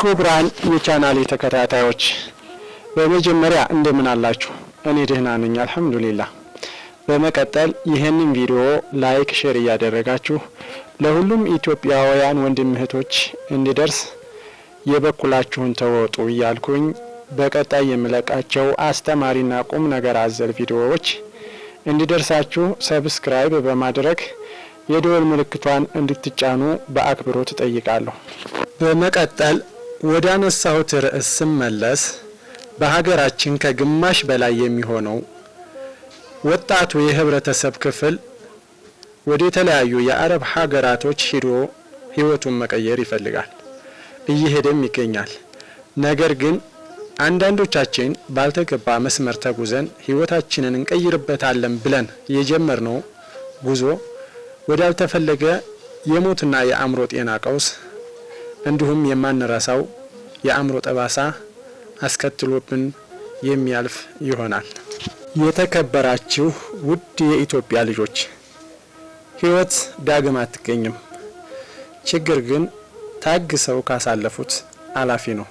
ክቡራን የቻናሌ ተከታታዮች በመጀመሪያ እንደምን አላችሁ? እኔ ደህና ነኝ አልሐምዱሊላ። በመቀጠል ይህንን ቪዲዮ ላይክ፣ ሼር እያደረጋችሁ ለሁሉም ኢትዮጵያውያን ወንድም እህቶች እንዲደርስ የበኩላችሁን ተወጡ እያልኩኝ በቀጣይ የምለቃቸው አስተማሪና ቁም ነገር አዘል ቪዲዮዎች እንዲደርሳችሁ ሰብስክራይብ በማድረግ የደወል ምልክቷን እንድትጫኑ በአክብሮት እጠይቃለሁ። በመቀጠል ወደ አነሳሁት ርዕስ ስመለስ በሀገራችን ከግማሽ በላይ የሚሆነው ወጣቱ የህብረተሰብ ክፍል ወደ የተለያዩ የአረብ ሀገራቶች ሂዶ ህይወቱን መቀየር ይፈልጋል፣ እየሄደም ይገኛል። ነገር ግን አንዳንዶቻችን ባልተገባ መስመር ተጉዘን ህይወታችንን እንቀይርበታለን ብለን የጀመርነው ጉዞ ወዳልተፈለገ የሞትና የአእምሮ ጤና ቀውስ እንዲሁም የማንረሳው የአእምሮ ጠባሳ አስከትሎብን የሚያልፍ ይሆናል። የተከበራችሁ ውድ የኢትዮጵያ ልጆች፣ ሕይወት ዳግም አትገኝም። ችግር ግን ታግሰው ካሳለፉት አላፊ ነው።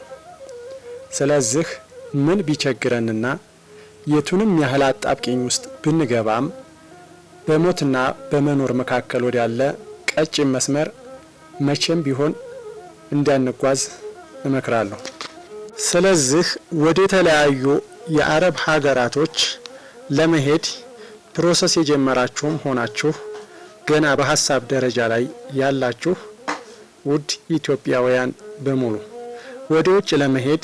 ስለዚህ ምን ቢቸግረንና የቱንም ያህል አጣብቂኝ ውስጥ ብንገባም በሞትና በመኖር መካከል ወዳለ ቀጭን መስመር መቼም ቢሆን እንዳንጓዝ እመክራለሁ። ስለዚህ ወደ ተለያዩ የአረብ ሀገራቶች ለመሄድ ፕሮሰስ የጀመራችሁም ሆናችሁ ገና በሀሳብ ደረጃ ላይ ያላችሁ ውድ ኢትዮጵያውያን በሙሉ ወደ ውጭ ለመሄድ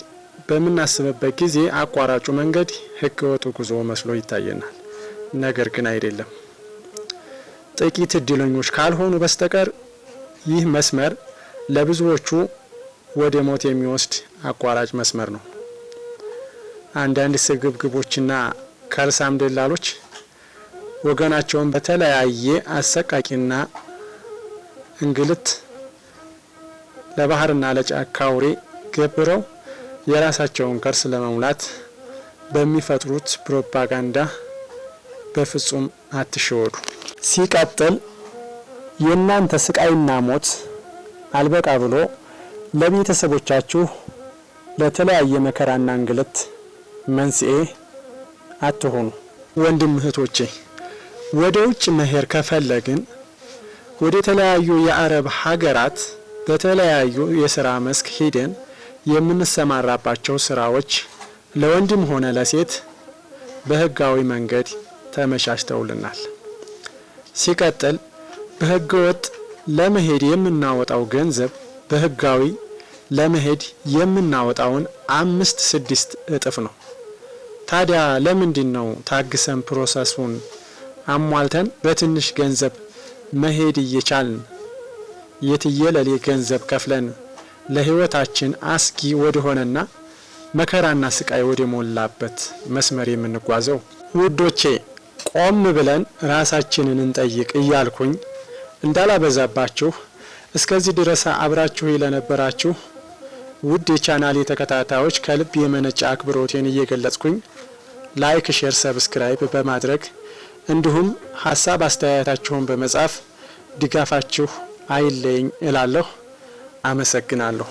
በምናስብበት ጊዜ አቋራጩ መንገድ ህገወጡ ወጡ ጉዞ መስሎ ይታየናል። ነገር ግን አይደለም። ጥቂት እድለኞች ካልሆኑ በስተቀር ይህ መስመር ለብዙዎቹ ወደ ሞት የሚወስድ አቋራጭ መስመር ነው። አንዳንድ ስግብግቦችና ከርሳም ደላሎች ወገናቸውን በተለያየ አሰቃቂና እንግልት ለባህርና ለጫካ አውሬ ገብረው የራሳቸውን ከርስ ለመሙላት በሚፈጥሩት ፕሮፓጋንዳ በፍጹም አትሸወዱ። ሲቀጥል የእናንተ ስቃይና ሞት አልበቃ ብሎ ለቤተሰቦቻችሁ ለተለያየ መከራና እንግልት መንስኤ አትሆኑ። ወንድም እህቶቼ ወደ ውጭ መሄድ ከፈለግን ወደ ተለያዩ የአረብ ሀገራት በተለያዩ የስራ መስክ ሂደን የምንሰማራባቸው ስራዎች ለወንድም ሆነ ለሴት በህጋዊ መንገድ ተመቻችተውልናል። ሲቀጥል በህገወጥ ለመሄድ የምናወጣው ገንዘብ በህጋዊ ለመሄድ የምናወጣውን አምስት ስድስት እጥፍ ነው። ታዲያ ለምንድን ነው ታግሰን ፕሮሰሱን አሟልተን በትንሽ ገንዘብ መሄድ እየቻልን የትየለሌ ገንዘብ ከፍለን ለህይወታችን አስጊ ወደሆነና መከራና ስቃይ ወደ ሞላበት መስመር የምንጓዘው? ውዶቼ ቆም ብለን ራሳችንን እንጠይቅ እያልኩኝ እንዳላበዛባችሁ እስከዚህ ድረስ አብራችሁ ለነበራችሁ ውድ የቻናሌ ተከታታዮች ከልብ የመነጨ አክብሮቴን እየገለጽኩኝ ላይክ፣ ሼር፣ ሰብስክራይብ በማድረግ እንዲሁም ሀሳብ አስተያየታችሁን በመጻፍ ድጋፋችሁ አይለይኝ እላለሁ። አመሰግናለሁ።